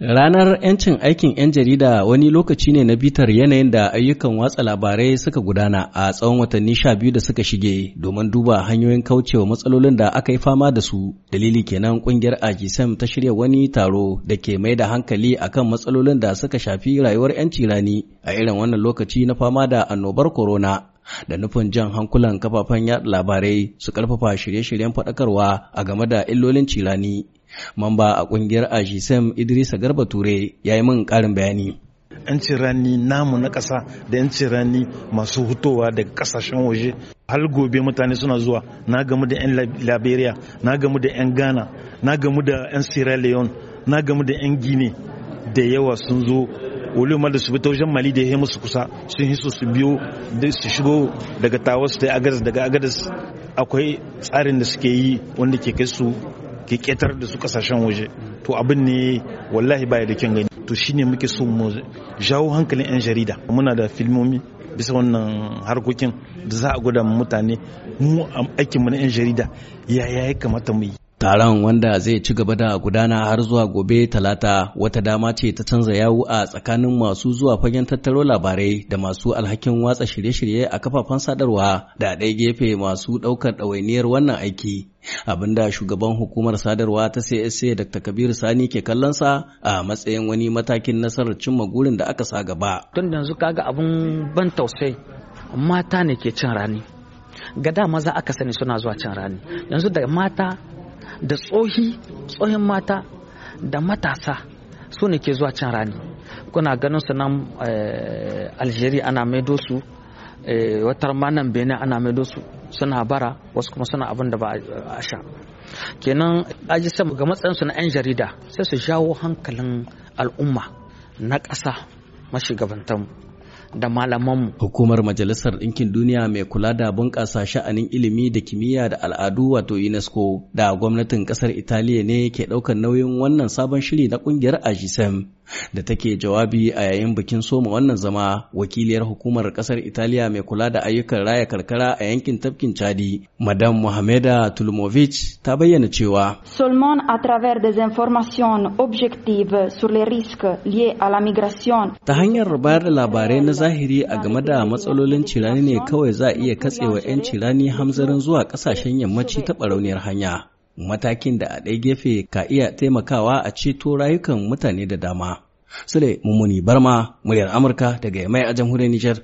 Ranar 'yancin aikin 'yan jarida wani lokaci ne na bitar yanayin da ayyukan watsa labarai suka gudana a tsawon watanni sha biyu da suka shige domin duba hanyoyin kaucewa matsalolin da aka yi fama da su. Dalili kenan kungiyar ajisem ta shirya wani taro da ke mai da hankali akan matsalolin da suka shafi rayuwar 'yanci rani a irin wannan lokaci na fama da annobar corona. da nufin jan hankulan kafafen yaɗa labarai su ƙarfafa shirye-shiryen faɗakarwa a game da illolin cirani Mamba a kungiyar Ajisem Idrisa Garba Ture ya yi min karin bayani. yanci rani namu na ƙasa da 'yancin rani masu hutowa daga ƙasashen waje. hal gobe mutane suna zuwa na gamu da 'yan Liberia, na gamu da 'yan Ghana, na gamu da 'yan Sierra Leone, na gamu da 'yan Guinea da yawa sun zo olumar da su bi taushen wajen mali da ya musu kusa sun hiso su biyo da su shigo daga tawas da agadas daga agadas akwai tsarin da suke yi wanda ke kai su ke ketar da su kasashen waje to abin ne wallahi baya da kyan gani to shine muke so mu jawo hankalin 'yan jarida muna da filmomi bisa wannan harkokin da za a gwada mutane mu aikinmu na 'yan jarida yaya ya kamata mu yi Taron wanda zai ci gaba da gudana har zuwa gobe talata wata dama ce ta canza yawu a tsakanin masu zuwa fagen tattaro labarai da masu alhakin watsa shirye-shirye a kafafen sadarwa da ɗaya gefe masu ɗaukar ɗawainiyar wannan aiki. Abinda shugaban hukumar sadarwa ta CSA Dr. Kabiru Sani ke kallonsa a matsayin wani matakin nasarar cimma gurin da aka sa gaba. Tun yanzu kaga abun ban tausayi mata ne ke cin rani. Ga da maza aka sani suna zuwa cin rani. Yanzu da mata da tsohi tsohin mata da matasa su ne ke zuwa can rani kuna ganin su nan eh, algeria ana maido su eh, watar manan benin ana maido su suna bara wasu kuma suna abin da ba a sha kenan aji sama ga matsayinsu na 'yan jarida sai su jawo hankalin al'umma na ƙasa mu. da malamanmu. Hukumar Majalisar Ɗinkin Duniya mai kula da bunƙasa sha'anin ilimi da kimiyya da al'adu wato UNESCO da gwamnatin ƙasar Italiya ne ke ɗaukar nauyin wannan sabon shiri na ƙungiyar AJISEM da take jawabi a yayin bikin soma wannan zama wakiliyar hukumar ƙasar Italiya mai kula da ayyukan raya karkara a yankin tafkin Chadi, Madam Mohameda Tulmovic ta bayyana cewa. Solomon a travers des informations objectives sur les risques liés à la migration. Ta hanyar bayar da labarai na zahiri a game da matsalolin cirani ne kawai za a iya katsewa 'yan cirani hamzarin zuwa kasashen yammaci ta barauniyar hanya matakin da a ɗai gefe ka iya taimakawa a ceto rayukan mutane da dama sule mummuni barma muryar amurka daga yamai a jamhuriyar nijar